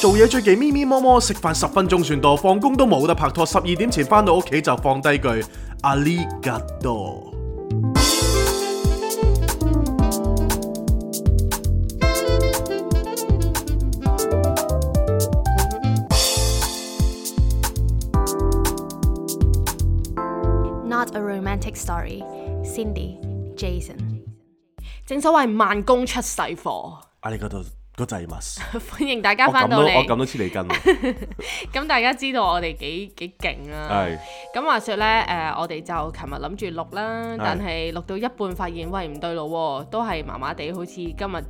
做嘢最忌咪咪摸摸，食飯十分鐘算多，放工都冇得拍拖，十二點前翻到屋企就放低句阿呢吉多。Not a romantic story，Cindy，Jason。正所謂慢工出細貨。阿呢吉多。個祭物，歡迎大家翻到嚟。我咁都我咁都黐你筋喎。咁大家知道我哋幾幾勁啊？係。咁話說咧，誒，我哋就琴日諗住錄啦，但係錄到一半發現，喂，唔對路喎，都係麻麻地，好似今日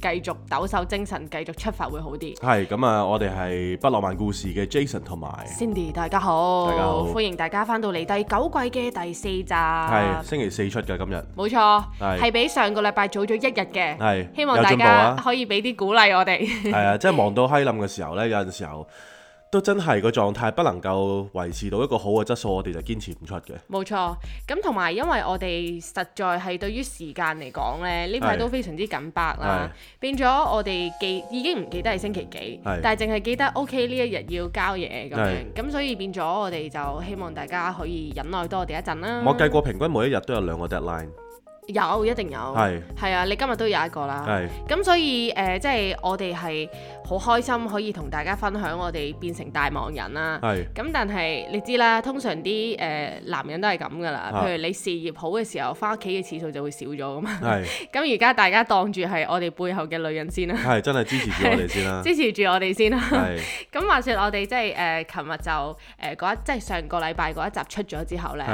再繼續抖擻精神，繼續出發會好啲。係咁啊！我哋係不浪漫故事嘅 Jason 同埋 Cindy，大家好，歡迎大家翻到嚟第九季嘅第四集。係星期四出㗎今日。冇錯。係，係比上個禮拜早咗一日嘅。係。希望大家可以俾啲。鼓勵我哋，係啊，即係忙到閪冧嘅時候呢，有陣時候都真係個狀態不能夠維持到一個好嘅質素，我哋就堅持唔出嘅。冇錯，咁同埋因為我哋實在係對於時間嚟講呢，呢排都非常之緊迫啦，的變咗我哋記已經唔記得係星期幾，的但係淨係記得 OK 呢一日要交嘢咁樣，咁的所以變咗我哋就希望大家可以忍耐多我哋一陣啦。我計過平均每一日都有兩個 deadline。有一定有，係是啊，你今日都有一個啦，咁是所以誒、呃，即係我哋係。好開心可以同大家分享我哋變成大忙人啦、啊。咁是但係你知啦，通常啲誒、呃、男人都係咁噶啦。啊、譬如你事業好嘅時候，翻屋企嘅次數就會少咗噶嘛。咁而家大家當住係我哋背後嘅女人先啦、啊。係，真係支持住我哋先啦、啊。支持住我哋先啦、啊。咁話説我哋即係誒，琴、呃、日就誒嗰、呃、一即係上個禮拜嗰一集出咗之後呢。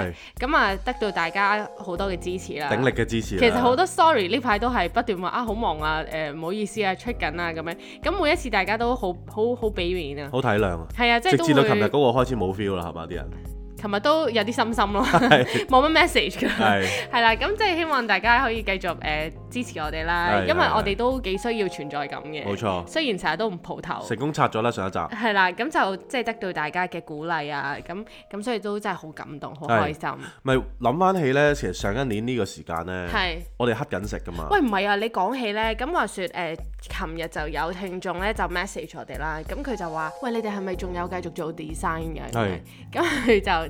咁啊是，得到大家好多嘅支持啦。鼎力嘅支持。其實好多 sorry 呢排都係不斷話啊好忙啊誒唔、呃、好意思啊出緊啊咁樣。咁每一係大家都好好好俾面啊，好體諒啊，係啊，即係直至到琴日嗰個開始冇 feel 啦，係嘛啲人。琴日都有啲心心咯，冇乜 message 㗎，係啦，咁即係希望大家可以繼續誒支持我哋啦，係因為我哋都幾需要存在感嘅，冇錯，係。雖然成日都唔蒲頭，成功拆咗啦上一集，係啦，咁就即係得到大家嘅鼓勵啊，咁咁所以都真係好感動，好開心。咪諗翻起咧，其實上一年呢個時間咧，係我哋黑緊食㗎嘛。喂，唔係啊，你講起咧，咁話說誒，琴日就有聽眾咧就 message 我哋啦，咁佢就話：喂，你哋係咪仲有繼續做 design 嘅？係」係，咁佢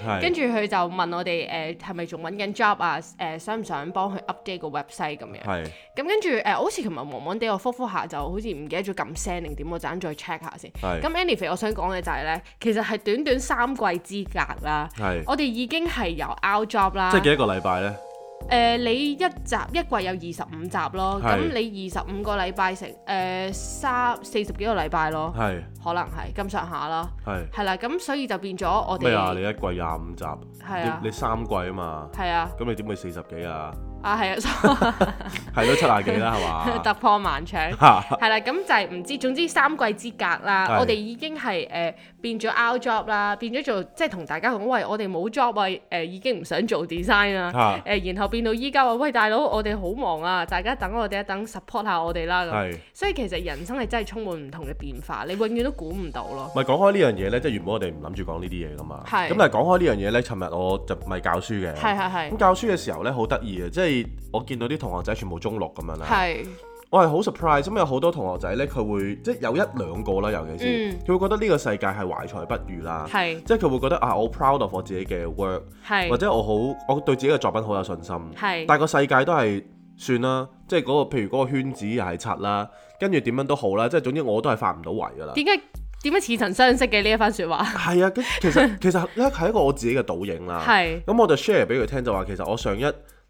是跟住佢就問我哋誒係咪仲揾緊 job 啊？誒、呃呃、想唔想幫佢 update 個 website 咁是樣？係。咁跟住誒，好似琴日忙忙地我轉轉，我呼呼下就好似唔記得咗撳 send 定點，我陣間再 check 下先。係。咁 anyway，我想講嘅就係呢，其實係短短三季之隔啦。是我哋已經係由 out job 啦。即係幾多個禮拜呢？誒、呃，你一集一季有二十五集咯，咁是你二十五個禮拜成誒、呃、三四十幾個禮拜咯，係是可能係咁上下是啦，係係啦，咁所以就變咗我哋咩啊？你一季廿五集，係啊、你你三季啊嘛，係啊，咁你點會四十幾啊？啊，係啊，係咯， 七廿幾啦，係嘛？突破萬場，係啦，咁就係唔知，總之三季之隔啦， 我哋已經係誒變咗 out job 啦，變咗做即係同大家講，喂，我哋冇 job 啊，誒、呃、已經唔想做 design 啦，誒、 呃，然後變到依家話，喂，大佬，我哋好忙啊，大家等我哋一等 support 一下我哋啦，係是，所以其實人生係真係充滿唔同嘅變化，你永遠都估唔到咯。咪講開呢樣嘢咧，即係原本我哋唔諗住講呢啲嘢噶嘛，係是，咁但係講開呢樣嘢咧，尋日我就咪教書嘅，係係係，咁的教書嘅時候咧，好得意啊。即係。我見到啲同學仔全部中六咁樣啦，是我係好 surprise，咁有好多同學仔呢，佢會即係有一兩個啦，尤其是佢、嗯、會覺得呢個世界係懷才不遇啦，是即係佢會覺得啊，我 proud of 我自己嘅 work，是或者我好我對自己嘅作品好有信心，是但係個世界都係算啦，即係嗰、嗰個譬如嗰個圈子又係柒啦，跟住點樣都好啦，即係總之我都係發唔到圍噶啦。點解點解似曾相識嘅呢一番說話？係啊，其實 其實係一個我自己嘅倒影啦。係咁是我就 share 俾佢聽，就話其實我上一。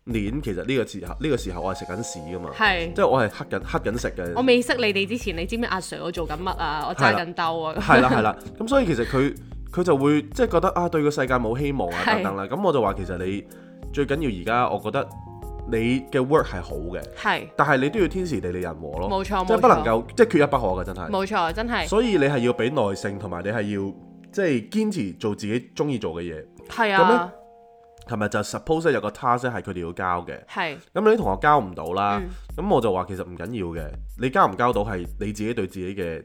年其實呢個時呢個時候我係食緊屎㗎嘛，即係我係黑緊黑緊食嘅。我未識你哋之前，你知唔知阿 Sir 我做緊乜啊？我揸緊兜啊。係啦係啦，咁所以其實佢佢就會即係覺得啊對個世界冇希望啊等等啦。咁我就話其實你最緊要而家，我覺得你嘅 work 係好嘅。係。但係你都要天時地利人和咯，冇錯，即係不能夠即係缺一不可嘅，真係。冇錯，真係。所以你係要俾耐性，同埋你係要即係堅持做自己中意做嘅嘢。係啊。琴日就 suppose 有個 task 係佢哋要交嘅，咁是你啲同學交唔到啦，咁、嗯、我就話其實唔緊要嘅，你交唔交到係你自己對自己嘅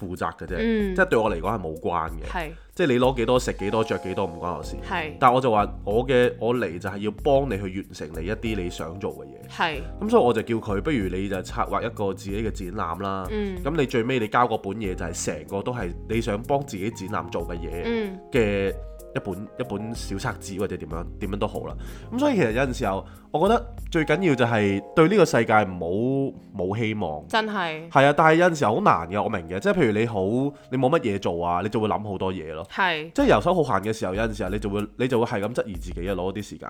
負責嘅啫，嗯、即係對我嚟講係冇關嘅，是即係你攞幾多食幾多着幾多唔關我事，是但係我就話我嘅我嚟就係要幫你去完成你一啲你想做嘅嘢，咁是所以我就叫佢不如你就策劃一個自己嘅展覽啦，咁、嗯、你最尾你交嗰本嘢就係成個都係你想幫自己展覽做嘅嘢嘅。一本一本小冊子或者點樣點樣都好啦，咁所以其實有陣時候，我覺得最緊要就係對呢個世界唔好冇希望。真係。係啊，但係有陣時候好難嘅，我明嘅，即係譬如你好，你冇乜嘢做啊，你就會諗好多嘢咯。係。是 即係遊手好閒嘅時候，有陣時候你就會你就會係咁質疑自己啊，攞一啲時間。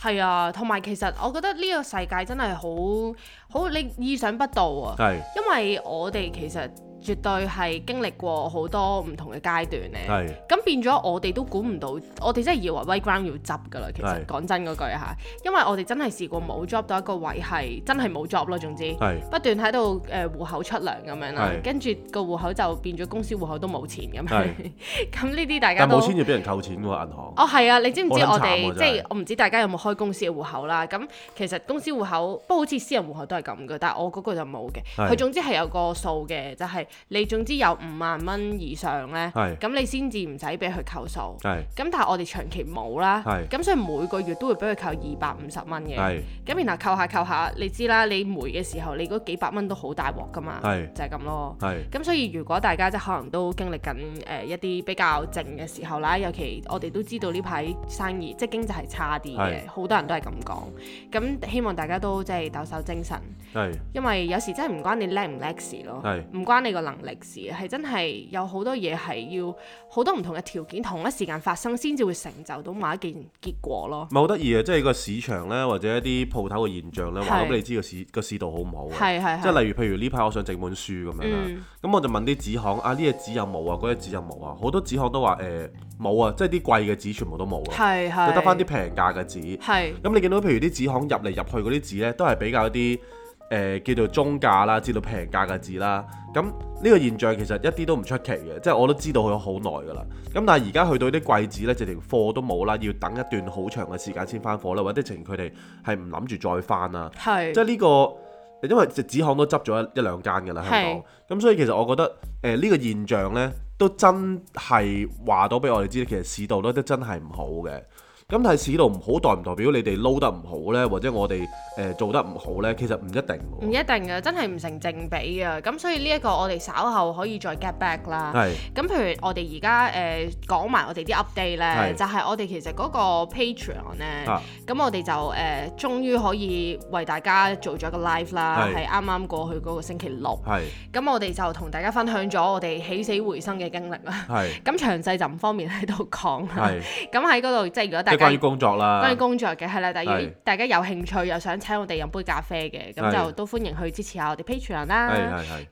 係啊，同埋其實我覺得呢個世界真係好好，你意想不到啊。是 因為我哋其實。絕對係經歷過好多唔同嘅階段咧，咁變咗我哋都估唔到，我哋真係以為 White Ground 要執噶啦。其實講真嗰句吓，因為我哋真係試過冇 job 到一個位，係真係冇 job 咯。總之不斷喺度誒戶口出糧咁樣啦，跟住個戶口就變咗公司戶口都冇錢咁樣。咁呢啲大家冇錢要俾人扣錢㗎銀行。哦係啊，你知唔知我哋即係我唔知大家有冇開公司嘅戶口啦？咁其實公司戶口不過好似私人戶口都係咁嘅，但係我嗰個就冇嘅。佢總之係有個數嘅，就係。你總之有五萬蚊以上咧，咁是你先至唔使俾佢扣數。咁是但係我哋長期冇啦，咁是所以每個月都會俾佢扣二百五十蚊嘅。咁是然後扣下扣下，你知啦，你霉嘅時候你嗰幾百蚊都好大鑊噶嘛，是就係咁咯。咁是所以如果大家即係可能都經歷緊誒、呃、一啲比較靜嘅時候啦，尤其我哋都知道呢排生意即係經濟係差啲嘅，好是多人都係咁講。咁希望大家都即係抖擻精神，是是因為有時真係唔關你叻唔叻事咯，唔關你個。能力時係真係有好多嘢，係要好多唔同嘅條件同一時間發生，先至會成就到某一件結果咯。咪好得意啊！即係個市場呢，或者一啲鋪頭嘅現象呢，話俾你知個市個是市道好唔好啊？係係。即係例如譬如呢排我想整本書咁、嗯、樣啦，咁我就問啲紙行啊，呢、這、嘢、個、紙有冇啊？嗰、那、啲、個、紙有冇啊？好多紙行都話誒冇啊！即係啲貴嘅紙全部都冇啊。係係，得翻啲平價嘅紙。係。咁你見到譬如啲紙行入嚟入去嗰啲紙呢，都係比較一啲。誒、呃、叫做中價啦，至到平價嘅紙啦，咁呢個現象其實一啲都唔出奇嘅，即係我都知道佢好耐噶啦。咁但係而家去到啲貴紙呢，直情貨都冇啦，要等一段好長嘅時間先翻貨啦，或者直情佢哋係唔諗住再翻啦。是即係呢、這個，因為隻紙行都執咗一一兩間噶啦，是香港。咁所以其實我覺得，誒、呃、呢、這個現象呢，都真係話到俾我哋知，其實市道都真係唔好嘅。咁睇市道唔好，代唔代表你哋撈得唔好咧，或者我哋誒做得唔好咧？其實唔一定喎。唔一定嘅，真係唔成正比嘅。咁所以呢一個我哋稍後可以再 get back 啦。係。咁譬如我哋而家誒講埋我哋啲 update 咧，就係我哋其實嗰個 patreon 咧，咁我哋就誒終於可以為大家做咗個 live 啦，係啱啱過去嗰個星期六。係。咁我哋就同大家分享咗我哋起死回生嘅經歷啦。係。咁詳細就唔方便喺度講啦。係。咁喺嗰度即係如果大，關於工作啦，關於工作嘅，係啦。第二，是大家有興趣又想請我哋飲杯咖啡嘅，咁就是都歡迎去支持下我哋 Patreon 啦。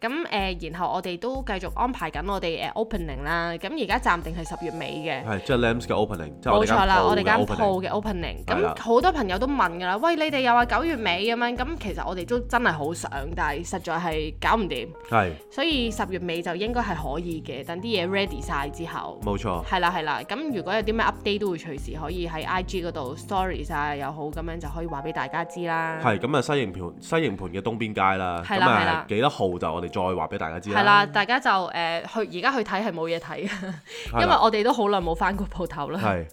咁誒、呃，然後我哋都繼續安排緊我哋誒 opening 啦。咁而家暫定係十月尾嘅。係即 Lamps 嘅 opening。冇錯啦，我哋間鋪嘅 opening。咁好多朋友都問㗎啦，喂，你哋又話九月尾咁樣，咁其實我哋都真係好想，但係實在係搞唔掂。是所以十月尾就應該係可以嘅，等啲嘢 ready 晒之後。冇錯錯。係啦係啦，咁如果有啲咩 update 都會隨時可以喺 I.G 嗰度 Stories 啊又好，咁樣就可以話俾大家知啦。係咁啊，西營盤西營盤嘅東邊街啦，咁啊的幾多號就我哋再話俾大家知啦。係啦，大家就誒、呃、去而家去睇係冇嘢睇嘅，因為我哋都好耐冇翻過鋪頭啦。係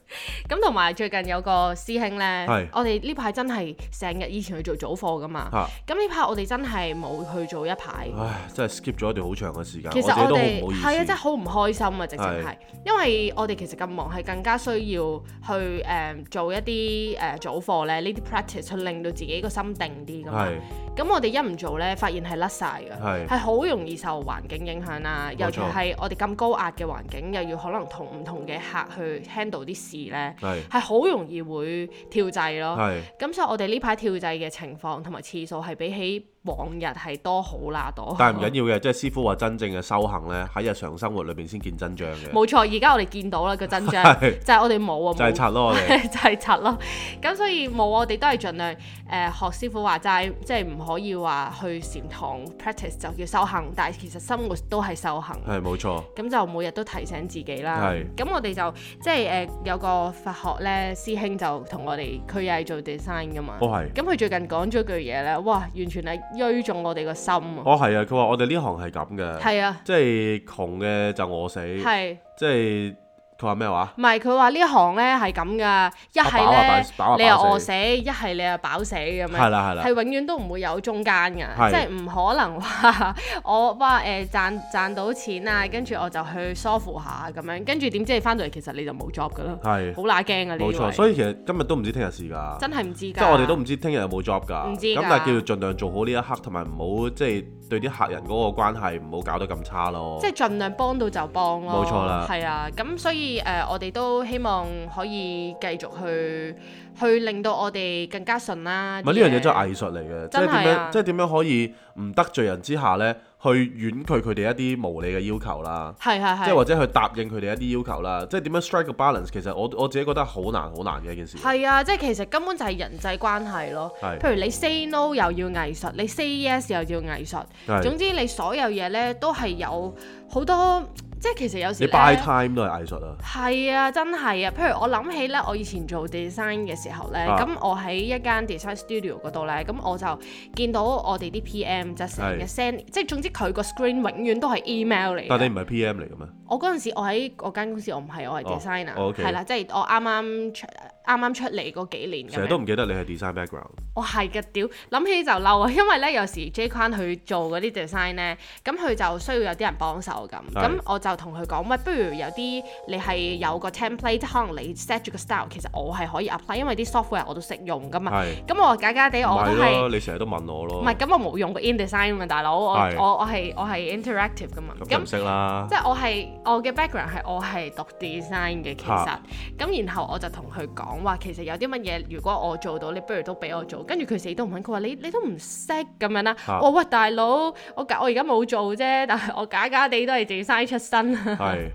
咁，同埋最近有個師兄呢，的我哋呢排真係成日以前去做早課噶嘛，咁呢排我哋真係冇去做一排，唉，真係 skip 咗一段好長嘅時間，其實我哋係啊，真係好唔開心啊，直情係，的因為我哋其實咁忙係更加需要去。誒做一啲誒早課咧，呢啲 practice 會令到自己個心定啲噶嘛。咁我哋一唔做咧，發現係甩晒噶，係好是 容易受環境影響啦、啊。錯尤其係我哋咁高壓嘅環境，又要可能同唔同嘅客去 handle 啲事咧，係好是 容易會跳掣咯。咁是 所以我哋呢排跳掣嘅情況同埋次數係比起往日係多好啦，多。但係唔緊要嘅，即係師傅話真正嘅修行咧，喺日常生活裏邊先見真章嘅。冇錯，而家我哋見到啦個真章， 就係我哋冇啊，冇。就係拆咯，我哋 就係拆咯，咁所以冇我哋都係盡量誒、呃、學師傅話齋，即係唔可以話去禪堂 practice 就叫修行，但係其實生活都係修行。係冇 錯。咁就每日都提醒自己啦。係。 咁我哋就即係誒、呃、有個佛學咧師兄就同我哋，佢又係做 design 噶嘛。都咁佢最近講咗句嘢咧，哇！完全係。追中我哋個心啊！哦，係啊，佢話我哋呢行係咁嘅，係啊，即係窮嘅就餓死，係，即係。佢話咩話？唔係佢話呢行咧係咁噶，一係咧你又餓死，一係你又飽死咁樣。係啦係啦，係永遠都唔會有中間嘅，即係唔可能話我話誒賺賺到錢啊，跟住我就去梳乎下咁樣，跟住點知你翻到嚟其實你就冇 job 噶啦。係，好乸驚啊！冇錯，所以其實今日都唔知聽日事㗎，真係唔知㗎。即係我哋都唔知聽日有冇 job 㗎。唔知㗎。咁但係叫做盡量做好呢一刻，同埋唔好即係對啲客人嗰個關係唔好搞得咁差咯。即係盡量幫到就幫咯。冇錯啦。係啊，咁所以。誒、呃，我哋都希望可以繼續去去令到我哋更加順啦、啊。係呢樣嘢真係藝術嚟嘅，即係點樣，即係點樣可以唔得罪人之下咧，去婉拒佢哋一啲無理嘅要求啦。係係係，即係或者去答應佢哋一啲要求啦。是是是，即係點樣 strike 個 balance，其實我我自己覺得好難好難嘅一件事。係啊，即係其實根本就係人際關係咯。是譬如你 say no 又要藝術，你 say yes 又要藝術，是總之你所有嘢咧都係有好多。即係其實有時咧，你嘥時間都係藝術啊，係啊，真係啊。譬如我諗起咧，我以前做 design 嘅時候咧，咁、啊、我喺一間 design studio 嗰度咧，咁我就見到我哋啲 PM 就成日 send，即係總之佢個 screen 永遠都係 email 嚟。但你唔係 PM 嚟嘅咩？我嗰陣時我喺嗰間公司我，我唔係，我係 designer，係啦，即係我啱啱出啱啱出嚟嗰幾年。成日都唔記得你係 design background。我係嘅，屌、哦，諗起就嬲啊！因為咧，有時 J crown 去做嗰啲 design 咧，咁佢就需要有啲人幫手咁。咁的我就同佢講，喂，不如有啲你係有個 template，可能你 set 住個 style，其實我係可以 apply，因為啲 software 我都識用噶嘛。咁的、嗯、我話假假地我都係。你成日都問我咯。唔係，咁我冇用過 InDesign 嘛，大佬。係。我的我係我係 interactive 噶嘛。咁唔識啦。嗯、即係我係我嘅 background 係我係讀 design 嘅，其實。係哈。咁然後我就同佢講話，其實有啲乜嘢，如果我做到，你不如都俾我做。跟住佢死都唔肯，佢話你你都唔識咁樣啦，啊啊。我話喂大佬，我假我而家冇做啫，但係我假假地都係自己嘥出身。係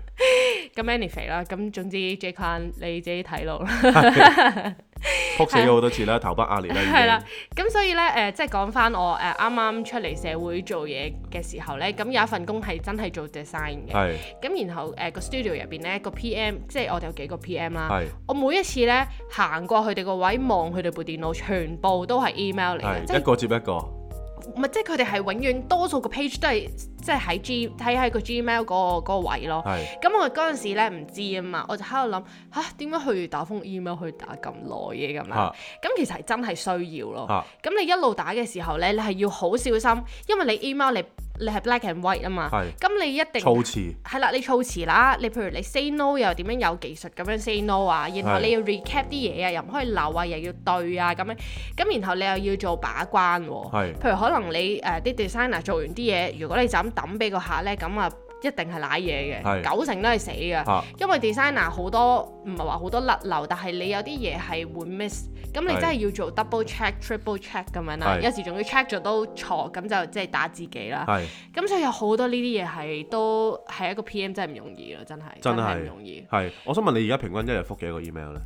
咁 anyway 啦。咁 總之 Jason 你自己睇路啦。 扑死咗好多次啦， 頭崩額裂啦已經係啦，咁 所以咧，誒、呃，即係講翻我誒，啱、呃、啱出嚟社會做嘢嘅時候咧，咁有一份工係真係做 design 嘅。係。咁然後誒個、呃、studio 入邊咧個 PM，即係我哋有幾個 PM 啦、啊。係。是的 我每一次咧行過佢哋個位望佢哋部電腦，全部都係 email 嚟嘅，的是一個接一個。唔係，即係佢哋係永遠多數個 page 都係即係喺 G 睇喺個 Gmail 嗰嗰個位咯。咁係我嗰陣時咧唔知啊嘛，我就喺度諗嚇點解去打封 email 去打咁耐嘅咁樣？咁、啊、其實係真係需要咯。咁、啊、你一路打嘅時候咧，你係要好小心，因為你 email 你。你係 black and white 啊嘛，咁是你一定措辭，係辭啦，你措辭啦，你譬如你 say no 又點樣有技術咁樣 say no 啊，然後你要 recap 啲嘢啊，又唔可以漏啊，又要對啊咁樣，咁然後你又要做把關喎、啊，是譬如可能你誒啲、呃、designer 做完啲嘢，如果你就咁抌俾個客咧，咁啊～一定係揦嘢嘅，是九成都係死嘅，啊、因為 designer 好多唔係話好多甩漏，但係你有啲嘢係會 miss，咁你真係要做 double check 是、triple check 咁樣啦，是有時仲要 check 咗都錯，咁就即係打自己啦。咁是所以有好多呢啲嘢係都係一個 PM 真係唔容易咯，真係真係的唔容易。係，我想問你而家平均一日覆幾多個 email 呢？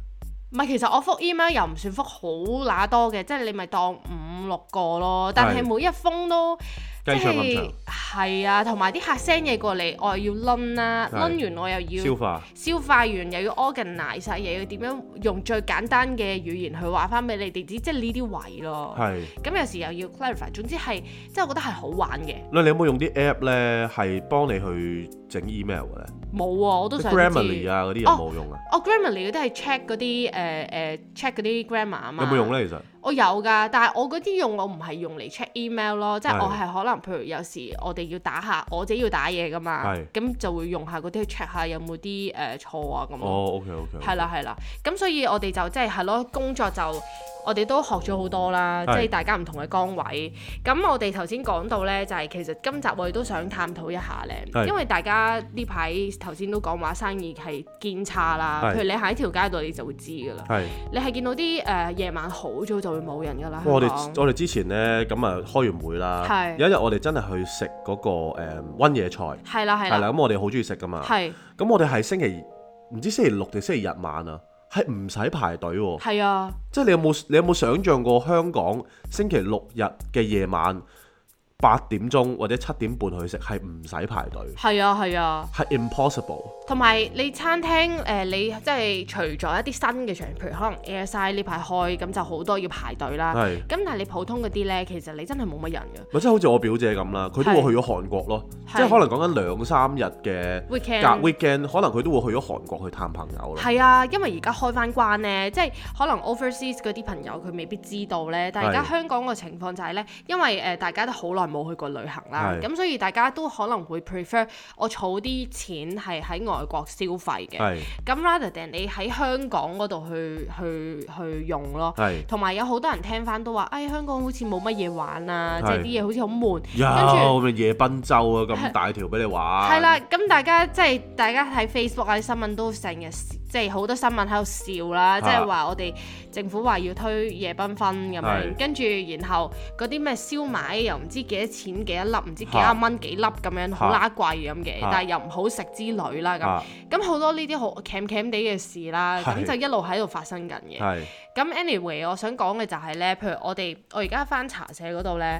唔係，其實我覆 email 又唔算覆好揦多嘅，即、就、係、是、你咪當五六個咯，但係每一封都。是即係係 啊，同埋啲客 send 嘢過嚟，我又要拎啦，拎是完我又要消化，消化完又要 organize 曬嘢，要點樣用最簡單嘅語言去話翻俾你哋知？即係呢啲位咯。係是。咁有時又要 clarify。總之係，即係我覺得係好玩嘅。你有冇用啲 app 咧？係幫你去整 email 嘅咧？冇啊，我都想 Grammarly 啊嗰啲有冇用啊？哦，Grammarly 嗰啲係 check 嗰啲誒誒 check 嗰啲 grammar 啊嘛。有冇用咧？其實？我有㗎，但係我嗰啲用我唔係用嚟 check email 咯，的即係我係可能譬如有時我哋要打下我自己要打嘢㗎嘛，咁的就會用下嗰啲 check 下有冇啲誒錯啊咁咯。哦、oh，OK OK，okay，okay。係啦，係啦，咁所以我哋就即係係咯工作就。我哋都學咗好多啦，即係大家唔同嘅崗位。咁我哋頭先講到呢，就係其實今集我哋都想探討一下呢，因為大家呢排頭先都講話生意係堅差啦。譬如你行喺條街度，你就會知噶啦。你係見到啲誒夜晚好早就會冇人噶啦。我哋我哋之前呢，咁啊開完會啦，有一日我哋真係去食嗰個誒溫野菜，係啦係啦，咁我哋好中意食噶嘛。咁我哋係星期唔知星期六定星期日晚啊？唔使排隊喎，係啊，即係你有冇你有冇想像過香港星期六日嘅夜晚？八點鐘或者七點半去食係唔使排隊，係啊係啊，係、啊、impossible。同埋你餐廳誒、呃，你即係除咗一啲新嘅場，譬如可能 Airside 呢排開咁，就好多要排隊啦。係是，咁但係你普通嗰啲呢，其實你真係冇乜人㗎。咪即係好似我表姐咁啦，佢都會去咗韓國咯，是即係可能講緊兩三日嘅 weekend，weekend 可能佢都會去咗韓國去探朋友咯。係啊，因為而家開返關呢，即、就、係、是、可能 overseas 嗰啲朋友佢未必知道呢。但係而家香港個情況就係呢，因為誒、呃呃、大家都好耐、啊。冇去過旅行啦，咁是所以大家都可能會 prefer 我儲啲錢係喺外國消費嘅。咁是 rather than 你喺香港嗰度去去去用咯。同埋是有好多人聽翻都話，誒香港好似冇乜嘢玩啊，即係啲嘢好似好悶。有咩呦後夜賓州啊？咁大條俾你玩。係啦 咁大家即係、就是、大家喺 Facebook 啲新聞都成日，即係好多新聞喺度笑啦，即係話我哋政府話要推夜繽紛咁樣，跟住然後嗰啲咩燒賣又唔知幾。幾錢幾粒？唔知幾廿蚊幾粒咁樣哈好啦貴咁嘅，但係又唔好食之類啦咁。咁好多呢啲好僾僾地嘅事啦，咁是就一路喺度發生緊嘅。咁是 anyway，我想講嘅就係、是、咧，譬如我哋我而家返茶社嗰度咧。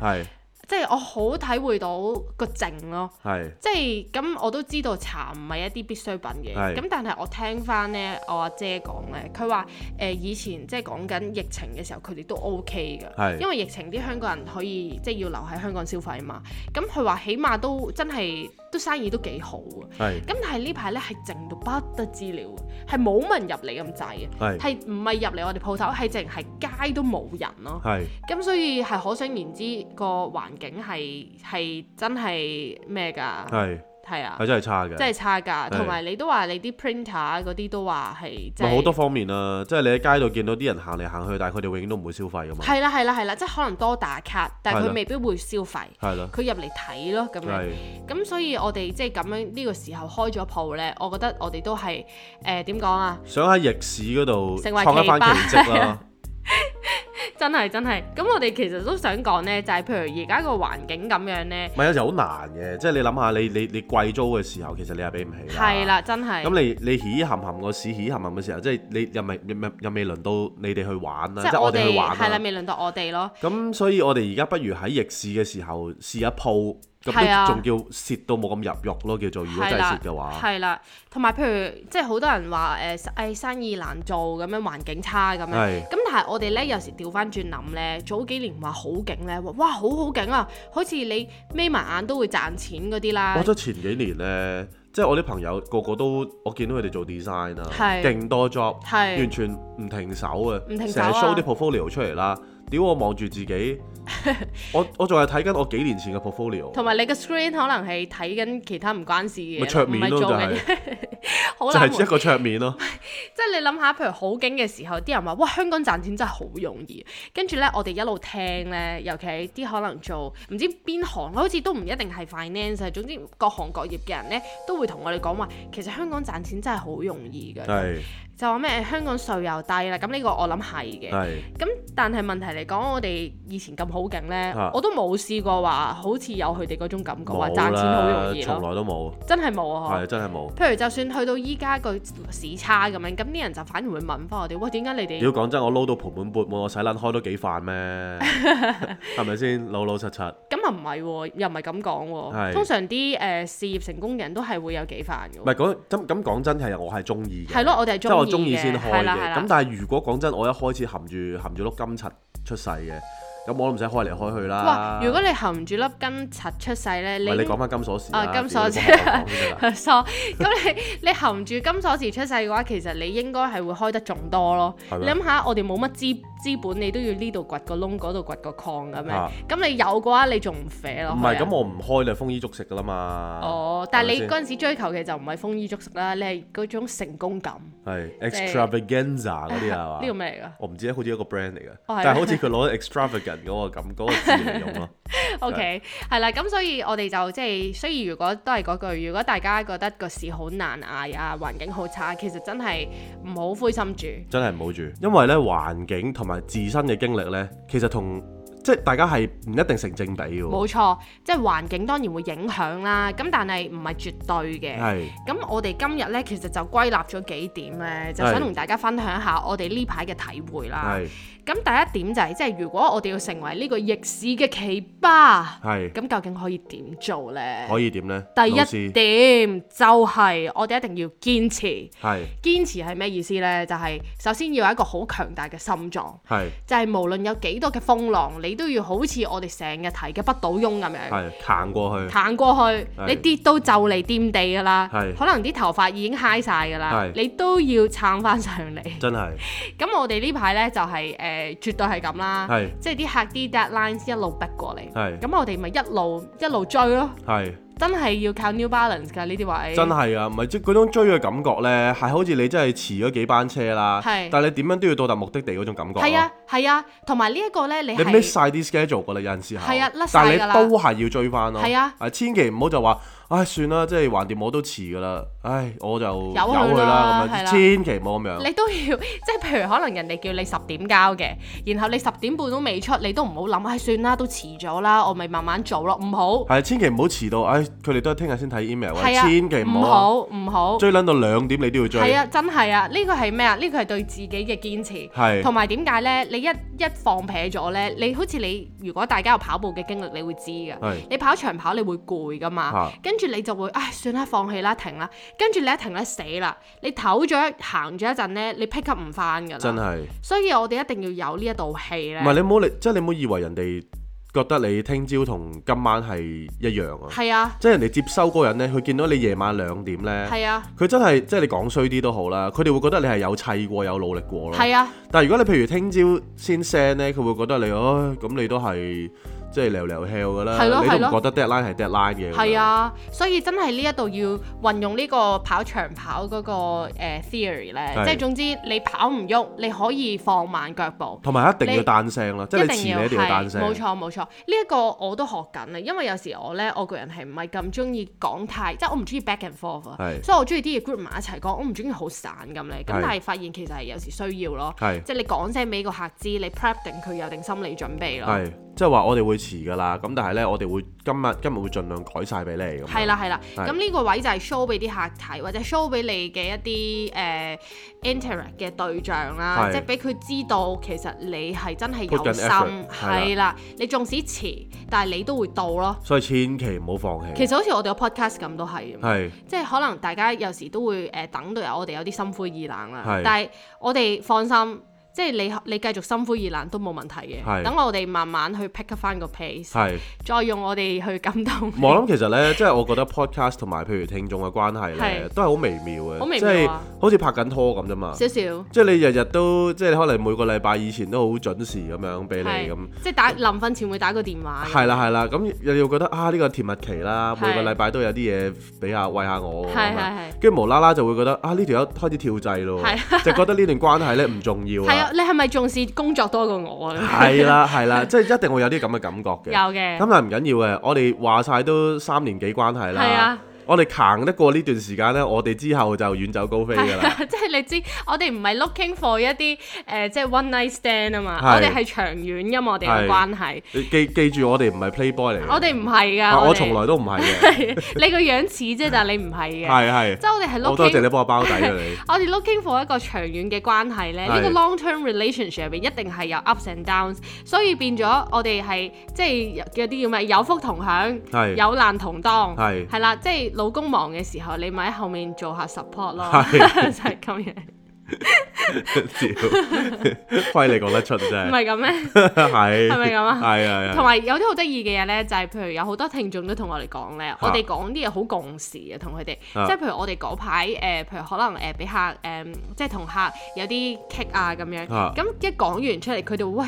即係我好體會到個靜咯，是即係咁、嗯、我都知道茶唔係一啲必需品嘅，咁是但係我聽翻呢，我阿姐講呢，佢話誒以前即係講緊疫情嘅時候佢哋都 OK 嘅，是因為疫情啲香港人可以即係要留喺香港消費嘛，咁佢話起碼都真係。都生意都幾好啊，咁但係呢排呢，係靜到不得之了，係冇人入嚟咁滯嘅，係唔係入嚟我哋鋪頭，係淨係街都冇人咯，咁所以係可想而知，個環境係係真係咩噶。係啊，真係差嘅，真係差噶。同埋是你都話你啲 printer 嗰啲都話係，咪好多方面啦、啊。即、就、係、是、你喺街度見到啲人行嚟行去，嗯、但係佢哋永遠都唔會消費噶嘛。係啦係啦係啦，即係可能多打卡，但係佢未必會消費。係、啊、咯，佢入嚟睇咯咁樣。咁麼、啊、所以我哋即係咁樣呢、這個時候開咗鋪咧，我覺得我哋都係誒點講啊？想喺逆市嗰度創一番奇蹟啦！ 真係真係，咁我哋其實都想講呢，就係、是、譬如而家個環境咁樣呢，唔係有時好難嘅，即係你諗下，你你你貴租嘅時候，其實你又俾唔起啦，係啦，真係。咁你你起含含個市起含含嘅時候，即係你，你，你，你又未又未輪到你哋去玩啦，即係我哋去玩。係啦，未輪到我哋咯。咁所以我哋而家不如喺逆市嘅時候試一鋪。咁啊，仲要蝕到冇咁入肉咯，叫做如果真係蝕嘅話。係啦，同埋譬如即係好多人話誒，誒、欸、生意難做咁樣，環境差咁樣。係。咁但係我哋咧有時調翻轉諗咧，早幾年話好勁咧，話哇好好勁啊，好似你眯埋眼都會賺錢嗰啲啦。我覺得前幾年咧，即係我啲朋友個個都，我見到佢哋做 design 啊，勁多 job，完全唔停手嘅，成日 show 啲 portfolio 出嚟啦。屌我望住自己， 我我仲係睇緊我幾年前嘅 portfolio，同埋你嘅 screen 可能係睇緊其他唔關事嘅，桌面咯、啊、就係、係， 門就一個桌面咯、啊。即係 你諗下，譬如好景嘅時候，啲人話哇香港賺錢真係好容易，跟住呢，我哋一路聽呢，尤其啲可能做唔知邊行，好似都唔一定係 finance，總之各行各業嘅人呢，都會同我哋講話，其實香港賺錢真係好容易嘅。就話咩香港稅又低啦，咁呢個我諗係嘅。咁的但係問題嚟講，我哋以前咁好勁呢，啊、我都冇試過話好似有佢哋嗰種感覺話賺錢好容易咯。從來都冇、啊，真係冇啊！係真係冇。譬如就算去到依家個市差咁樣，咁啲人就反而會問翻我哋：喂，點解你哋？要講真，我撈到盆滿缽滿，我洗撚開都幾飯咩？係咪先老老實實？咁又唔係喎，又唔係咁講喎。的通常啲誒、呃、事業成功人都係會有幾飯嘅。唔係講咁講真係我係中意嘅。係咯，我哋係中意。 中意先開嘅，咁但係如果講真，我一開始含住含住碌金柒出世嘅。咁我都唔使開嚟開去啦。哇！如果你含住粒金柒出世咧，你唔係你講翻金鎖匙啊？金鎖匙，sorry。咁你你含住金鎖匙出世嘅話，其實你應該係會開得仲多咯。你諗下，我哋冇乜資資本，你都要呢度掘個窿，嗰度掘個礦咁樣。咁你有嘅話，你仲唔肥咯？唔係，咁我唔開啦，豐衣足食噶啦嘛。哦，但係你嗰陣時追求嘅就唔係豐衣足食啦，你係嗰種成功感。係 extravaganza 嗰啲係嘛？呢個咩嚟㗎？我唔知啊，好似一個 brand 嚟㗎，但係好似佢攞 extravagan。如果我咁多事咁咯，OK，係啦，咁所以我哋就即係，雖然如果都係嗰句，如果大家覺得個市好難捱啊，環境好差，其實真係唔好灰心住，真係唔好住，因為咧環境同埋自身嘅經歷咧，其實同即係大家係唔一定成正比嘅。冇錯，即係環境當然會影響啦，咁但係唔係絕對嘅。係，咁我哋今日咧，其實就歸納咗幾點咧，就想同大家分享一下我哋呢排嘅體會啦。係。咁第一點就係、是，即係如果我哋要成為呢個逆市嘅奇葩，係咁是究竟可以點做咧？可以點咧？第一點就係我哋一定要堅持。係是堅持係咩意思咧？就係、是、首先要有一個好強大嘅心臟。係是就係無論有幾多嘅風浪，你都要好似我哋成日提嘅不倒翁咁樣。係行過去。行過去，是你跌到就嚟掂地噶啦。是可能啲頭髮已經嗨晒噶啦。是你都要撐翻上嚟。真係是。咁 我哋呢排咧就係、是、誒。呃誒，絕對係咁啦，係是，即係啲客啲 deadline 一路逼過嚟，係是，咁我哋咪一路一路追咯，係是，真係要靠 New Balance 噶呢啲話，真係啊，唔係即嗰種追嘅感覺咧，係好似你真係遲咗幾班車啦，係是，但係你點樣都要到達目的地嗰種感覺，係啊，係啊，同埋、啊、呢一個咧，你你甩晒啲 schedule 噶啦，有陣時係啊甩晒，但係你都係要追翻咯，係啊，啊，千祈唔好就話。唉，算啦，即係橫掂我都遲噶啦，唉，我就由佢啦，咁樣千祈唔好咁樣。你都要即係譬如可能人哋叫你十點交嘅，然後你十點半都未出，你都唔好諗，唉，算啦，都遲咗啦，我咪慢慢做咯，唔好。係啊，千祈唔好遲到，唉，佢哋都係聽日先睇 email。係啊，千祈唔好。唔好。追撚到兩點你都要追。係啊，真係啊，呢個係咩啊？呢個係對自己嘅堅持。同埋點解咧？你一一放屁咗咧，你好似你如果大家有跑步嘅經歷，你會知噶。你跑長跑，你會攰噶嘛？跟。跟住你就會，唉，算啦，放棄啦，停啦。跟住你一停咧，死啦！你唞咗行咗一陣咧，你 pick up 唔翻㗎啦。真係。所以我哋一定要有呢一道氣咧。唔係你唔好、就是、你即係你唔好以為人哋覺得你聽朝同今晚係一樣啊。係啊。即係人哋接收嗰個人咧，佢見到你夜晚兩點咧，係啊。佢真係，即係你講衰啲都好啦，佢哋會覺得你係有砌過、有努力過咯。係啊。但係如果你譬如聽朝先 send 咧，佢會覺得你，哦、哎，咁你都係。即係聊聊 hell 噶啦，是的 你覺得 deadline 係 deadline 嘅。係啊，所以真係呢一度要運用呢個跑長跑嗰個 theory 咧。是的 即係總之，你跑唔喐，你可以放慢腳步。同埋一定要單聲啦，即係你詞一定要單聲。冇錯冇錯，呢一、這個我都學緊咧。因為有時我咧，我個人係唔係咁中意講太，即係我唔中意 back and forth 是的 所以我中意啲嘢 group 埋一齊講，我唔中意好散咁咧。咁但係發現其實係有時需要咯。是的 即係你講聲俾個客知，你 prepping 佢有定心理準備咯。是的 即係話我哋會遲噶啦，咁但係呢，我哋會今日今日會盡量改晒俾你。係啦係啦，咁呢是個位就係 show 俾啲客睇，或者 show 俾你嘅一啲誒、呃、interact 嘅對象啦，是即係俾佢知道其實你係真係有心。係 them 啦，啦你縱使遲，但係你都會到咯。所以千祈唔好放棄。其實好似我哋個 podcast 咁都係，即係是可能大家有時都會誒、呃、等到有我哋有啲心灰意冷啦、啊，是是但係我哋放心。即係你你繼續心灰意冷都冇問題嘅，等我哋慢慢去 pick up 翻個 pace，再用我哋去感動。我諗其實呢，即係我覺得 podcast 同埋譬如聽眾嘅關係呢，都係好微妙嘅，即係好似拍緊拖咁啫嘛，少少。即係你日日都即係可能每個禮拜以前都好準時咁樣俾你咁，即係打臨瞓前會打個電話。係啦係啦，咁又要覺得啊呢個甜蜜期啦，每個禮拜都有啲嘢俾下餵下我，跟住無啦啦就會覺得啊呢條友開始跳掣咯，就覺得呢段關係呢唔重要啦。你係咪重視工作多過我啊？係 啦，係啦，即係一定會有啲咁嘅感覺嘅。 有嘅的。咁但係唔緊要嘅，我哋話晒都三年幾關係啦。係啊。我哋行得過呢段時間咧，我哋之後就遠走高飛㗎啦。即係你知，我哋唔係 looking for 一啲誒，即係 one night stand 啊嘛。我哋係長遠，㗎嘛，我哋嘅關係。你記記住，我哋唔係 playboy 嚟。我哋唔係㗎。我從來都唔係嘅。你個樣似啫，但係你唔係嘅。係係。即係我哋係 looking。好多謝你幫我包底㗎你。我哋 looking for 一個長遠嘅關係咧，呢個 long term relationship 入邊一定係有 ups and downs，所以變咗我哋係即係有啲叫咩？有福同享，有難同當，係啦，即係。老公忙嘅時候，你咪喺後面做下 support 咯， 就係咁樣。 笑，虧你講得出真係。唔係咁咩？係，係咪咁啊？係啊。 同埋有啲好得意嘅嘢咧，就係、是、譬如有好多聽眾都同我哋講咧，我哋講啲嘢好共識嘅，同佢哋，即係譬如我哋嗰排誒，譬如可能誒俾、呃、客誒，即係同客有啲 kick 啊咁樣，咁是、嗯嗯、一講完出嚟，佢哋會喂。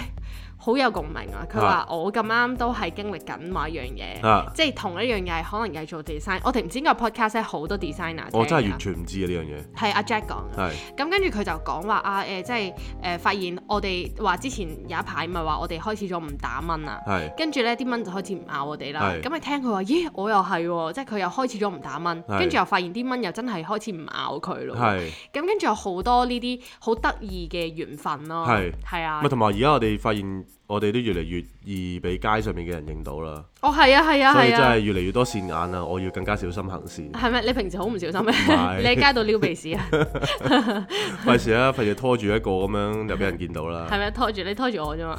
好有共鳴啊！佢話我咁啱都係經歷緊某一樣嘢，啊、即係同一樣嘢，可能又係做 design、啊。我哋唔知個 podcast 好多 designer 嘅，我真係完全唔知啊！呢樣嘢係阿 Jack 講嘅，咁是、嗯、跟住佢就講話啊誒、呃，即係誒、呃、發現我哋話之前有一排咪話我哋開始咗唔打蚊啊，是跟住呢啲蚊就開始唔咬我哋啦。咁咪是聽佢話，咦我又係喎，即係佢又開始咗唔打蚊，是跟住又發現啲蚊又真係開始唔咬佢咯。咁是、嗯、跟住有好多呢啲好得意嘅緣分咯。係是啊，同埋而家我哋發現。我哋都越嚟越易俾街上面嘅人認到啦。哦，係啊，係啊，係啊，真係越嚟越多線眼啊！我要更加小心行事。係咪？你平時好唔小心咩？ 是你喺街度撩鼻屎啊？費事啊！費事拖住一個咁樣就俾人見到啦。係咪拖住？你拖住我啫嘛。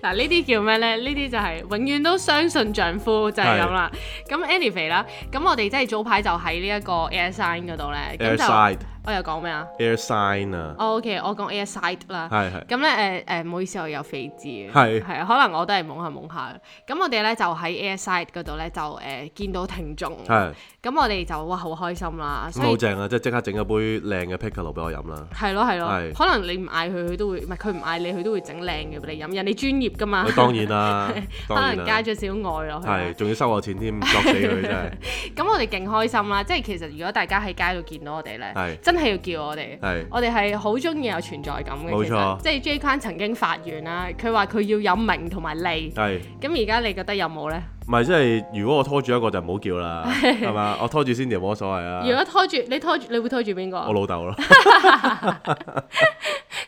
嗱， 呢啲叫咩咧？呢啲就係永遠都相信丈夫就係咁啦。咁 Annie 肥啦，咁我哋真係早排就喺呢一個 Airside 嗰度咧，咁就。我又講咩啊？Air sign 啊、er. oh,，OK，我講 air side 啦。係係的。咁咧誒誒，唔、呃呃、好意思，我有肥字嘅。係係的。可能我都係懵下懵下。咁我哋咧就喺 air side 嗰度咧，就誒、呃、見到聽眾。係。咁我哋就哇好開心啦！咁好正啊，即係即刻整一杯靚嘅 Piccolo 俾我飲啦！係咯係咯，可能你唔嗌佢，佢都會唔係佢唔嗌你，佢都會整靚嘅俾你飲，人哋你專業㗎嘛！佢當然啦，可能加咗少少愛落去，係仲要收我錢添，作死佢真係。咁我哋勁開心啦！即係其實如果大家喺街度見到我哋咧，係真係要叫我哋，係我哋係好中意有存在感嘅，冇錯。即係 Jian 坤曾經發願啦，佢話佢要有名同埋利，係咁而家你覺得有冇咧？唔係，即係如果我拖住一個就唔好叫啦，係咪？ 我拖住先，冇乜所謂啊！如果拖住你拖住，你會拖住邊個？我老豆咯，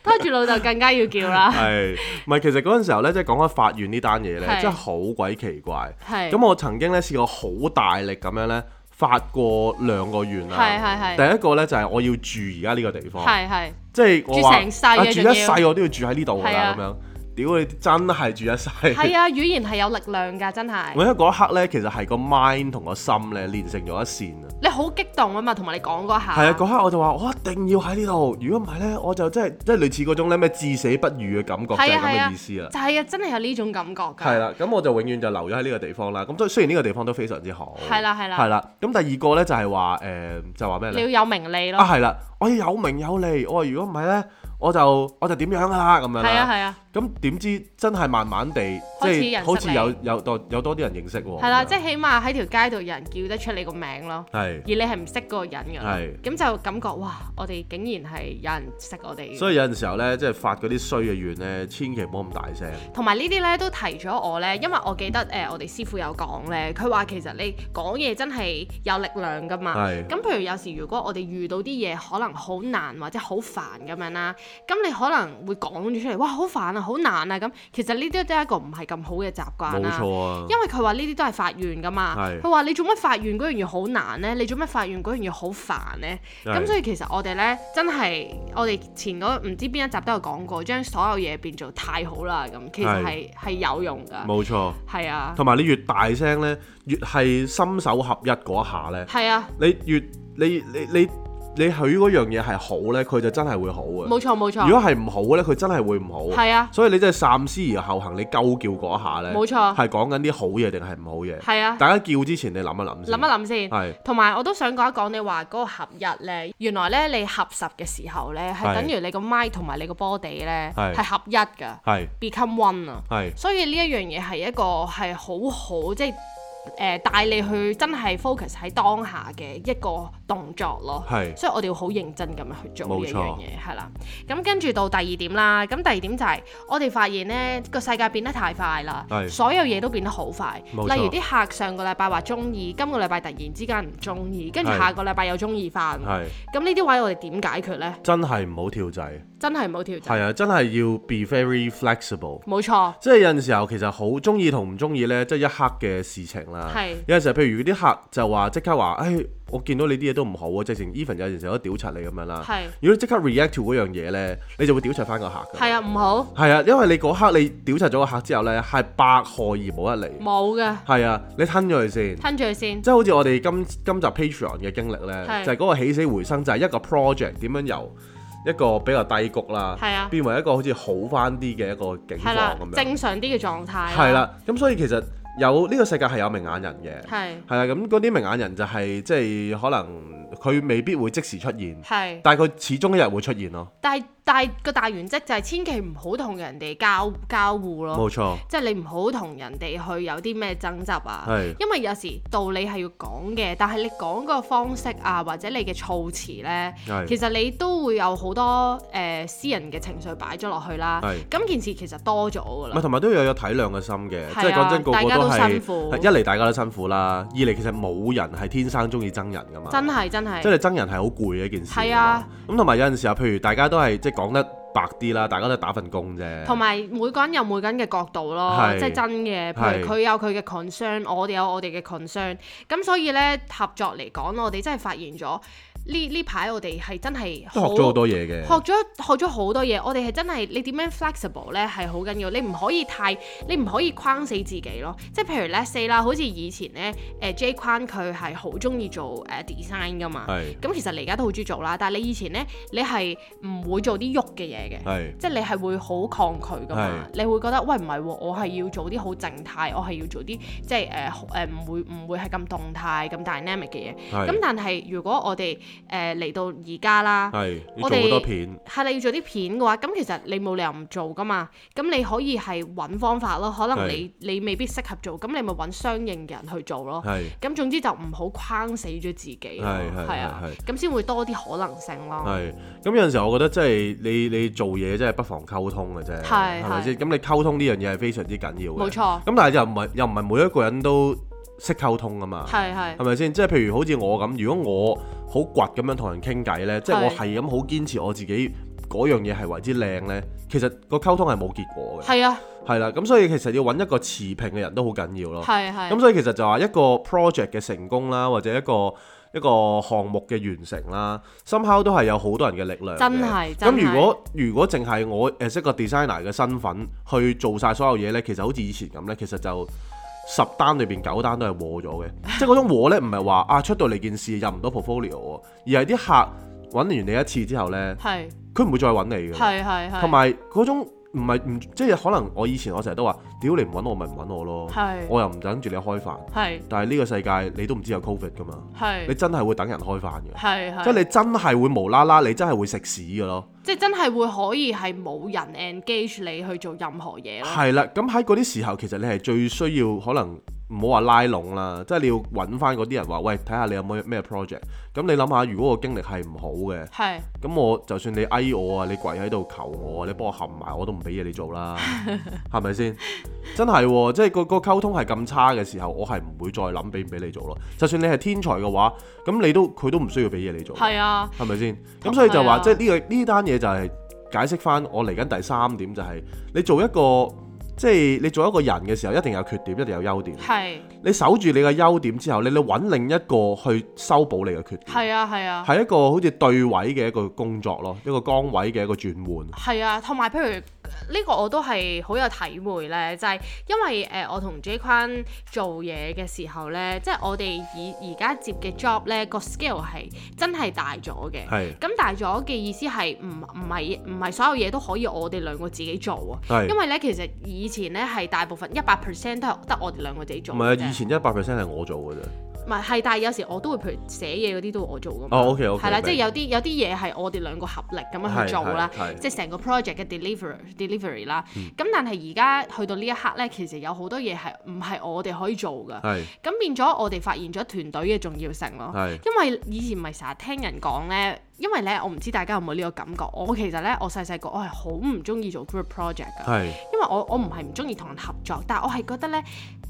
拖住老豆更加要叫啦。係，唔係其實嗰陣時候咧，即係講返法院呢單嘢咧，是真係好鬼奇怪。係是。咁我曾經咧試過好大力咁樣咧，發過兩個願啦。係係係。第一個咧就係我要住而家呢個地方。係係。即係住成世、啊、住一世，我都要住喺呢度㗎咁樣。屌你！真係住一世，係啊，語言係有力量㗎，真係。我覺得嗰一刻咧，其實係個 mind 同個心咧連成咗一線一啊。你好激動啊嘛，同埋你講嗰下。係啊，嗰刻我就話我、哦、一定要喺呢度。如果唔係咧，我就真係即係類似嗰種咧咩至死不渝嘅感覺，啊、就係咁嘅意思啦、啊。就係、是、啊，真係有呢種感覺㗎、啊。係啦，咁我就永遠就留咗喺呢個地方啦。咁所以，雖然呢個地方都非常之好。係啦、啊，係啦、啊。係啦、啊。咁第二個咧就係話誒，就話、是、咩？呃、你要有名利咯。啊，係啦、啊，我要有名有利。我話如果唔係咧。我就我就點樣啦，咁樣啊。咁點、啊、知真係慢慢地即係好似有有多有多啲人認識喎。係啦，啊、樣即係起碼喺條街度有人叫得出你個名咯。係是，而你係唔識嗰個人㗎。係是，咁就感覺哇，我哋竟然係有人識我哋。所以有陣時候咧，即係發嗰啲衰嘅怨咧，千祈唔好咁大聲。同埋呢啲咧都提咗我咧，因為我記得誒、呃，我哋師傅有講咧，佢話其實你講嘢真係有力量㗎嘛。係是。咁譬如有時如果我哋遇到啲嘢可能好難或者好煩咁樣啦。咁你可能會講咗出嚟，哇！好煩啊，好難啊，咁其實呢啲都係一個唔係咁好嘅習慣啦、啊。冇錯啊、因為佢話呢啲都係發願噶嘛。佢話是的 你做乜發願嗰樣嘢好難呢？你做乜發願嗰樣嘢好煩呢？咁是的 所以其實我哋呢，真係我哋前嗰唔知邊一集都有講過，將所有嘢變做太好啦咁，其實係係有用㗎。冇錯。係啊。同埋你越大聲呢，越係心手合一嗰一下呢，係啊是的。你越你你。你你你你許嗰樣嘢係好呢，佢就真係會好嘅。冇錯冇錯。錯如果係唔好呢，佢真係會唔好。係啊。所以你真係三思而後行，你鳩叫嗰一下呢，冇錯，係講緊啲好嘢定係唔好嘢。係啊。大家叫之前，你諗一諗先。諗一諗先。同埋是我都想講一講，你話嗰個合一呢，原來呢，你合十嘅時候呢，係等於你個咪同埋你個 body 呢係合一㗎。係是。Become one 啊。係是。所以呢一樣嘢係一個係好好即係。就是誒帶你去真係 focus 喺當下嘅一個動作咯，是所以我哋會好認真咁樣去做呢一錯樣嘢，係啦。咁跟住到第二點啦，咁第二點就係我哋發現呢個世界變得太快啦，是所有嘢都變得好快，錯例如啲客上個禮拜話中意，今個禮拜突然之間唔中意，跟住下個禮拜又中意翻，係是。咁呢啲位我哋點解決呢？真係唔好跳掣。真係冇好調整。係啊，真係要 be very flexible。冇錯。即係有陣時候其實好中意同唔中意呢，即係一刻嘅事情啦。係是。有陣時候，譬如啲客就話即刻話，哎，我見到你啲嘢都唔好，甚至 even 有陣時候都屌柒你咁樣啦。是如果即刻 react to 嗰樣嘢呢，你就會屌柒翻個客。係啊，唔好。係啊，因為你嗰刻你屌柒咗個客之後呢，係百害而冇一利。冇嘅的。係啊，你吞咗佢先。吞咗佢先。即係好似我哋今今集 patron 嘅經歷呢，就係嗰個起死回生，就係一個 project 點樣由。一個比較低谷啦，啊、變為一個好似好返啲嘅一個境況咁樣，正常啲嘅狀態、啊。係啦、啊，咁所以其實有呢、呢個世界係有明眼人嘅，係啦、啊，咁嗰啲明眼人就係即係可能。佢未必會即時出現，係是，但係佢始終一日會出現咯。但係但係個大原則就係千祈唔好同人哋交交互咯。冇錯，即係你唔好同人哋去有啲咩爭執啊。是因為有時道理係要講嘅，但係你講嗰個方式啊，或者你嘅措辭呢，是其實你都會有好多誒、呃、私人嘅情緒擺咗落去啦。係是，咁件事其實多咗㗎啦。同埋都要有體諒嘅心嘅，啊、即係講真個，個個都係一嚟大家都辛苦啦，二嚟其實冇人係天生鍾意憎人㗎嘛。真係真。真即係你憎人係好攰嘅一件事係啊。咁同埋有陣時候，譬如大家都係即係講得白啲啦，大家都係打份工啫。同埋每個人有每個人嘅角度咯，是即係真嘅。譬如佢有佢嘅 concern，是我哋有我哋嘅 concern。咁所以呢，合作嚟講，我哋真係發現咗。呢呢排我哋係真係學咗好多嘢嘅，學咗學咗好多嘢。我哋係真係你點樣 flexible 咧係好緊要，你唔可以太你唔可以框死自己咯。即係譬如 let's say 啦，好似以前咧，誒、呃、J 匡佢係好中意做誒、呃、design 噶嘛，咁是的、嗯、其實你而家都好中意做啦。但係你以前咧，你係唔會做啲喐嘅嘢嘅，是的 即係你係會好抗拒噶嘛。是的 你會覺得喂，唔係喎，我係要做啲好靜態，我係要做啲即係誒誒唔會唔會係咁動態咁 dynamic 嘅嘢。咁是的 的但係如果我哋誒嚟到而家啦，我哋好多片。係你要做啲片嘅話，咁其實你冇理由唔做㗎嘛。咁你可以係揾方法咯，可能你你未必適合做，咁你咪揾相應嘅人去做咯。係咁，總之就唔好框死咗自己，係啊，咁先會多啲可能性咯。係咁，有陣時，我覺得即係你你做嘢真係不妨溝通嘅啫，係咪先？咁你溝通呢樣嘢係非常之緊要嘅，冇錯。咁但係又唔係又唔係每一個人都識溝通啊嘛，係係係咪先？即係譬如好似我咁，如果我好倔咁樣同人傾偈呢，是即係我係咁好堅持我自己嗰樣嘢係為之靚呢。其實個溝通係冇結果嘅。係啊，係啦，咁所以其實要揾一個持平嘅人都好緊要咯。係咁是所以其實就話一個 project 嘅成功啦，或者一個一個項目嘅完成啦，somehow 都係有好多人嘅力量。真係的。咁如果的如果淨係我誒 as a designer 嘅身份去做晒所有嘢呢，其實好似以前咁呢，其實就。十單裏邊九單都係禍咗嘅， 即係嗰種禍咧，唔係話啊出到嚟件事入唔到 portfolio，而係啲客揾完你一次之後咧，佢唔是會再揾你嘅，係係係，同埋嗰種。唔係唔，即係可能我以前我成日都話，屌你唔揾我咪唔揾我咯，是我又唔等住你開飯。係是，但係呢個世界你都唔知有 Covid 噶嘛，是你真係會等人開飯嘅，是是即係你真係會無啦啦，你真係會食屎嘅咯，即係真係會可以係冇人 engage 你去做任何嘢咯。係啦，咁喺嗰啲時候，其實你係最需要可能。唔好話拉攏啦，即係你要揾翻嗰啲人話，喂，睇下你有冇咩 project。咁你諗下，如果我經歷係唔好嘅，係是，咁我就算你哎，我啊，你跪喺度求我啊，你幫我含埋，我都唔俾嘢你做啦，係咪先？真係、喎，即係個個溝通係咁差嘅時候，我係唔會再諗俾唔俾你做咯。就算你係天才嘅話，咁你都佢都唔需要俾嘢你做。係啊，係咪先？咁所以就話，啊、即係呢個呢單嘢就係解釋翻我嚟緊第三點、就是，就係你做一個。即係你做一個人嘅時候，一定有缺點，一定有優點。係。你守住你嘅優點之後，你你揾另一個去修補你嘅缺點。係啊，係啊。係一個好似對位嘅一個工作咯，一個崗位嘅一個轉換。係啊，同埋譬如。呢個我都係好有體會咧，就係、是、因為誒、呃、我同 J 君做嘢嘅時候咧，即係我哋以而家接嘅 job 咧，個 scale 係真係大咗嘅，係咁是大咗嘅意思係唔唔係唔係所有嘢都可以我哋兩個自己做喎。係是因為咧，其實以前咧係大部分一百 percent 都係得我哋兩個自己做。唔係啊，以前一百 percent 係我做嘅啫。係但係有時我都會譬如寫嘢嗰啲都會我做咁。哦 o、oh, okay , okay, 係啦，即係有啲有啲嘢係我哋兩個合力咁樣去做啦，即係成個 project 嘅 delivery delivery 啦。咁、嗯、但係而家去到呢一刻咧，其實有好多嘢係唔係我哋可以做噶。係是。咁變咗我哋發現咗團隊嘅重要性咯。是因為以前咪成日聽人講咧，因為咧我唔知大家有冇呢個感覺，我其實咧我細細個我係好唔中意做 group project 噶。是因為我我唔係唔中意同人合作，但我係覺得咧。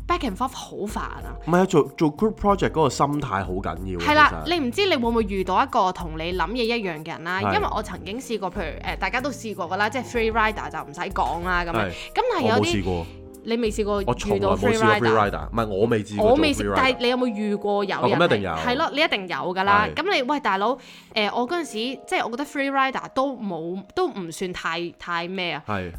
Back and forth 好煩啊！唔係啊，做做 group project 嗰個心態好緊要。係啦，你唔知你會唔會遇到一個同你諗嘢一樣嘅人啦？因為我曾經試過，譬如誒，大家都試過噶啦，即係 freerider 就唔使講啦咁樣。係，咁但係有啲你未試過，我從來冇試過 freerider。唔係我未試過，我未試。但係你有冇遇過有人？咁一定有。係咯，你一定有噶啦。咁你喂大佬誒，我嗰陣時即係我覺得 freerider 都冇，都唔算太太咩啊？係。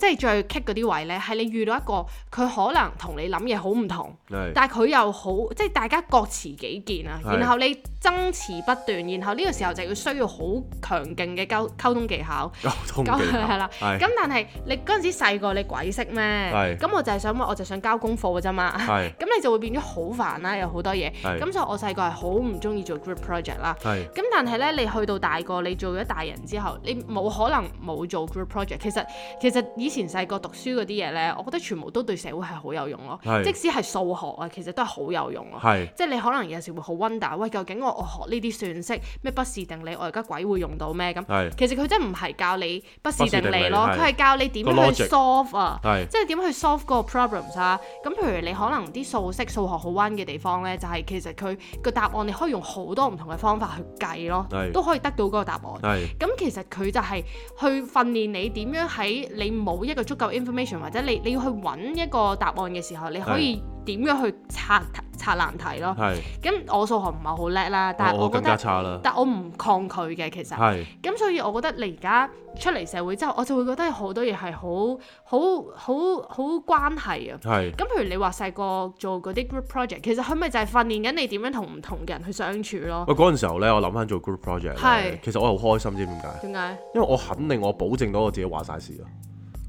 即係最棘嗰啲位呢，係你遇到一個佢可能同你諗嘢好唔同，是的 但係佢又好，即係大家各持己見啊。是的 然後你爭持不斷，然後呢個時候就要需要好強勁嘅溝溝通技巧。溝通技巧係啦。咁但係你嗰陣時細個你鬼識咩？咁是的 我就係想我就想交功課嘅啫嘛。咁是的 你就會變咗好煩啦，有好多嘢。咁是的 所以我細個係好唔中意做 group project 啦的。咁 但係呢，你去到大個，你做咗大人之後，你冇可能冇做 group project 其。其實其實。以前細個讀書啲嘢咧，我覺得全部都對社會係好有用咯。是即使係數學啊，其實都係好有用咯。係是，即係你可能有時會好 wonder 喂，究竟我我學呢啲算式咩不是定理，我而家鬼會用到咩咁？係、嗯，是其實佢真係唔係教你不是定理咯，佢係教你點樣去 solve 個 logic，啊，是即係點樣去 solve 嗰個 problems 啊。咁、嗯、譬如你可能啲數式數學好玩嘅地方咧，就係、是、其實佢個答案你可以用好多唔同嘅方法去計咯，是都可以得到個答案。係，咁其實佢就係去訓練你點樣喺你。冇一個足夠 information，或者你你要去揾一個答案嘅時候，你可以點樣去拆拆難題咯。咁是我數學唔係好叻啦，但係我覺得，我更加差，但我唔抗拒嘅，其實咁是所以我覺得你而家出嚟社會之後，我就會覺得好多嘢係好好好好關係啊。咁是譬如你話細個做嗰啲 group project，其實佢咪就係訓練緊你點樣同唔同嘅人去相處咯。喂，嗰陣時候呢，我諗翻做 group project，係，是其實我好開心，知唔知點解？點解？因為我肯定，我保證到我自己話晒事咯。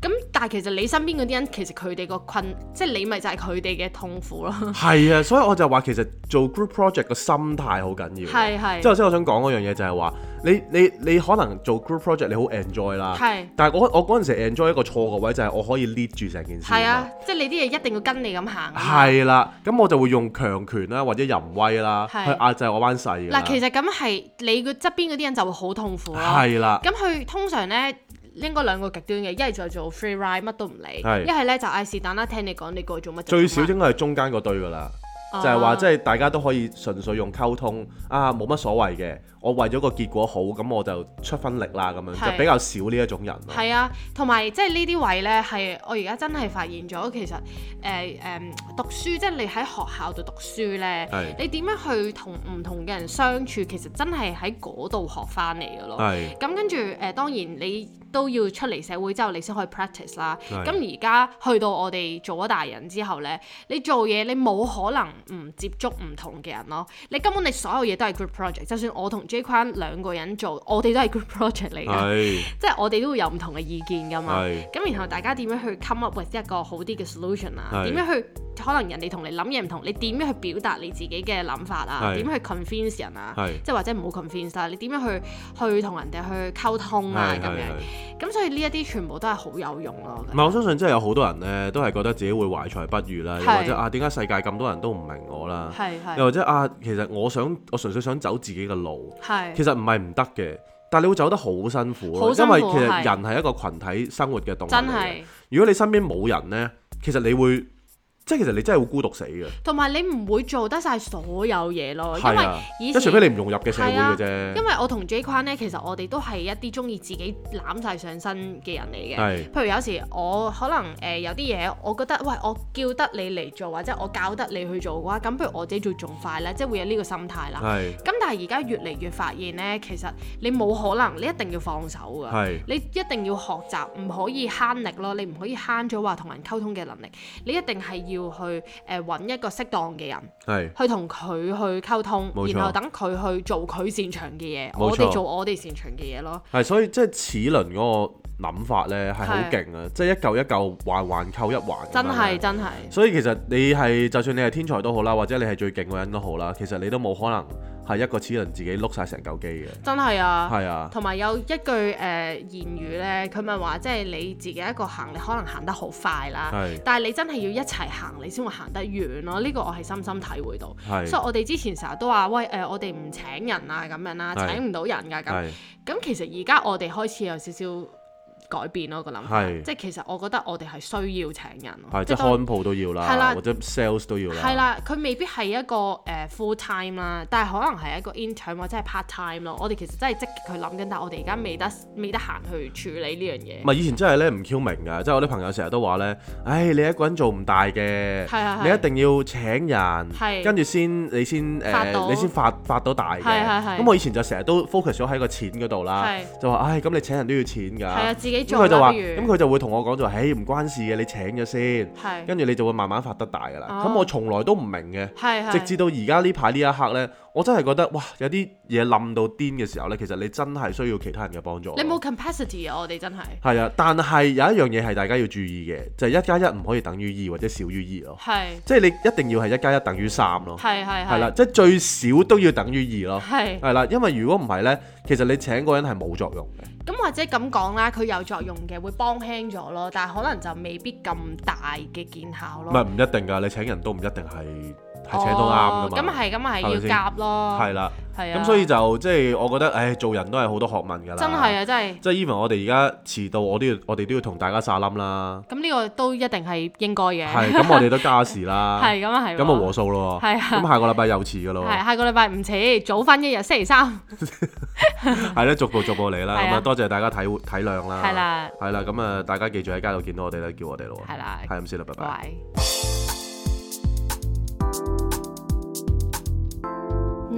咁但係其實你身邊嗰啲人，其實佢哋個困，即係你咪就係佢哋嘅痛苦咯。係啊，所以我就話其實做 group project 個心態好緊要。係係。之後即係我想講嗰樣嘢就係話，你你你可能做 group project 你好 enjoy 啦。係是。但係我我嗰陣時 enjoy 一個錯嘅位就係、是、我可以 lead 住成件事。係啊，的即係你啲嘢一定要跟你咁行。係啦、啊，咁我就會用強權啦，或者淫威啦，啊、去壓制我班細。嗱，其實咁係你個側邊嗰啲人就會好痛苦咯。係啦。咁佢是、啊、通常咧。應該兩個極端嘅，一係就做 free ride 乜都唔理，一係是呢，就嗌是但啦，聽你講你過去做乜？最少應該係中間嗰堆㗎啦，啊、就係話即係大家都可以純粹用溝通啊，冇乜所謂嘅。我為咗個結果好，咁我就出分力啦，咁樣是就比較少呢一種人。係啊，同埋即係呢啲位咧，係我而家真係發現咗，其實誒誒、呃呃、讀書即係、就是、你喺學校度讀書咧，是你點樣去同唔同嘅人相處，其實真係喺嗰度學翻嚟嘅咯。係是。咁跟住誒、呃、當然你都要出嚟社會之後你先可以 practice 啦。係是。咁而家去到我哋做咗大人之後咧，你做嘢你冇可能唔接觸唔同嘅人咯。你根本你所有嘢都係，group project，就算我同 Jayquan 兩個人做，我哋都係 group project 嚟嘅，即係我哋都會有唔同嘅意見㗎嘛。咁然後大家點樣去 come up with 一個好啲嘅 solution 啊？點樣去可能人哋同你諗嘢唔同，你點樣去表達你自己嘅諗法啊？點去 convince 人啊？即係或者唔好 convince 啦，你點樣去去同人哋去溝通啊？咁樣，咁所以呢一啲全部都係好有用咯。咪我相信真係有好多人咧，都係覺得自己會懷才不遇啦，或者啊點解世界咁多人都唔明我啦？又或者啊，其實我想我純粹想走自己嘅路。其實唔係唔得嘅，但係你會走得好辛苦咯，苦因為其實人係一個群體生活嘅動物嚟嘅。如果你身邊冇人呢，其實你會。即係其實你真係會孤獨死嘅，同埋你唔會做得晒所有嘢咯，啊、因為以前除非你唔融入嘅社會啫、啊。因為我同 Jone 呢，其實我哋都係一啲中意自己攬晒上身嘅人嚟嘅。是譬如有時我可能誒、呃、有啲嘢，我覺得喂，我叫得你嚟做或者我教得你去做嘅話，咁不如我自己做仲快啦，即係會有呢個心態啦。係是。咁但係而家越嚟越發現呢，其實你冇可能，你一定要放手㗎。是你一定要學習，唔可以慳力咯，你唔可以慳咗話同人溝通嘅能力，你一定係要。要去誒揾、呃、一個適當嘅人，係是去同佢去溝通，錯然後等佢去做佢擅長嘅嘢，錯我哋做我哋擅長嘅嘢咯。係，所以即係齒輪嗰、嗰個諗法咧係好勁啊！即係一嚿一嚿，環環扣一環。真係真係。所以其實你係就算你係天才都好啦，或者你係最勁嘅人都好啦，其實你都冇可能係一個齒輪自己碌晒成嚿機嘅。真係啊！係啊！同埋有一句誒言語咧，佢咪話即係你自己一個行，你可能行得好快啦。係。但係你真係要一齊行，你先會行得遠咯。呢個我係深深體會到。係。所以我哋之前成日都話喂誒，我哋唔請人啊咁樣啦，請唔到人㗎咁。係。咁其實而家我哋開始有少少。改變咯個諗法，是即係其實我覺得我哋係需要請人，即係開鋪都要啦的、呃，或者 sales 都要啦。係啦，佢未必係一個誒 full time 啦，但係可能係一個 intern 或者係 part time 咯。我哋其實真係積極去諗緊，但係我哋而家未得未得閒去處理呢樣嘢。唔係以前真係咧唔 Q 明㗎，即、就、係、是、我啲朋友成日都話咧，誒你一個人做唔大嘅，是的是你一定要請人，跟住先你先誒你先發到、呃、你發，發到大嘅。咁的我以前就成日都 focus 咗喺個錢嗰度啦，是的是就話唉，咁你請人都要錢㗎。咁佢就話，咁佢如就會同我講就話，嘿、欸、唔關事嘅，你請咗先，是跟住你就會慢慢發得大㗎喇。咁、哦、我從來都唔明嘅，是是直至到而家呢排呢一刻呢。我真係覺得哇，有啲嘢冧到癲嘅時候呢，其實你真係需要其他人嘅幫助。你冇 capacity 啊！我哋真係係啊，但係有一樣嘢係大家要注意嘅，就係一加一唔可以等於二或者少於二咯。係，即係你一定要係一加一等於三咯。係係啦，即係最少都要等於二咯。係係啦，因為如果唔係呢，其實你請個人係冇作用嘅。咁或者咁講啦，佢有作用嘅會幫輕咗咯，但係可能就未必咁大嘅見效咯。唔係唔一定㗎，你請人都唔一定係。係扯都啱噶嘛，咁係咁啊係要夾咯，係啦，係啊，咁所以就即係我覺得，誒做人都係好多學問噶啦，真係啊真係，即係 even 我哋而家遲到，我都要我哋都要同大家撒冧啦，咁呢個都一定係應該嘅，係，咁我哋都加時啦，係咁啊係，咁啊和數咯，係啊，咁下個禮拜又遲噶咯，係，下個禮拜唔遲，早翻一日，星期三，係咯，逐步逐步嚟啦，咁啊多謝大家體體諒啦，係啦，係啦，咁啊大家記住喺街度見到我哋都叫我哋咯，係啦，係咁先啦，拜拜。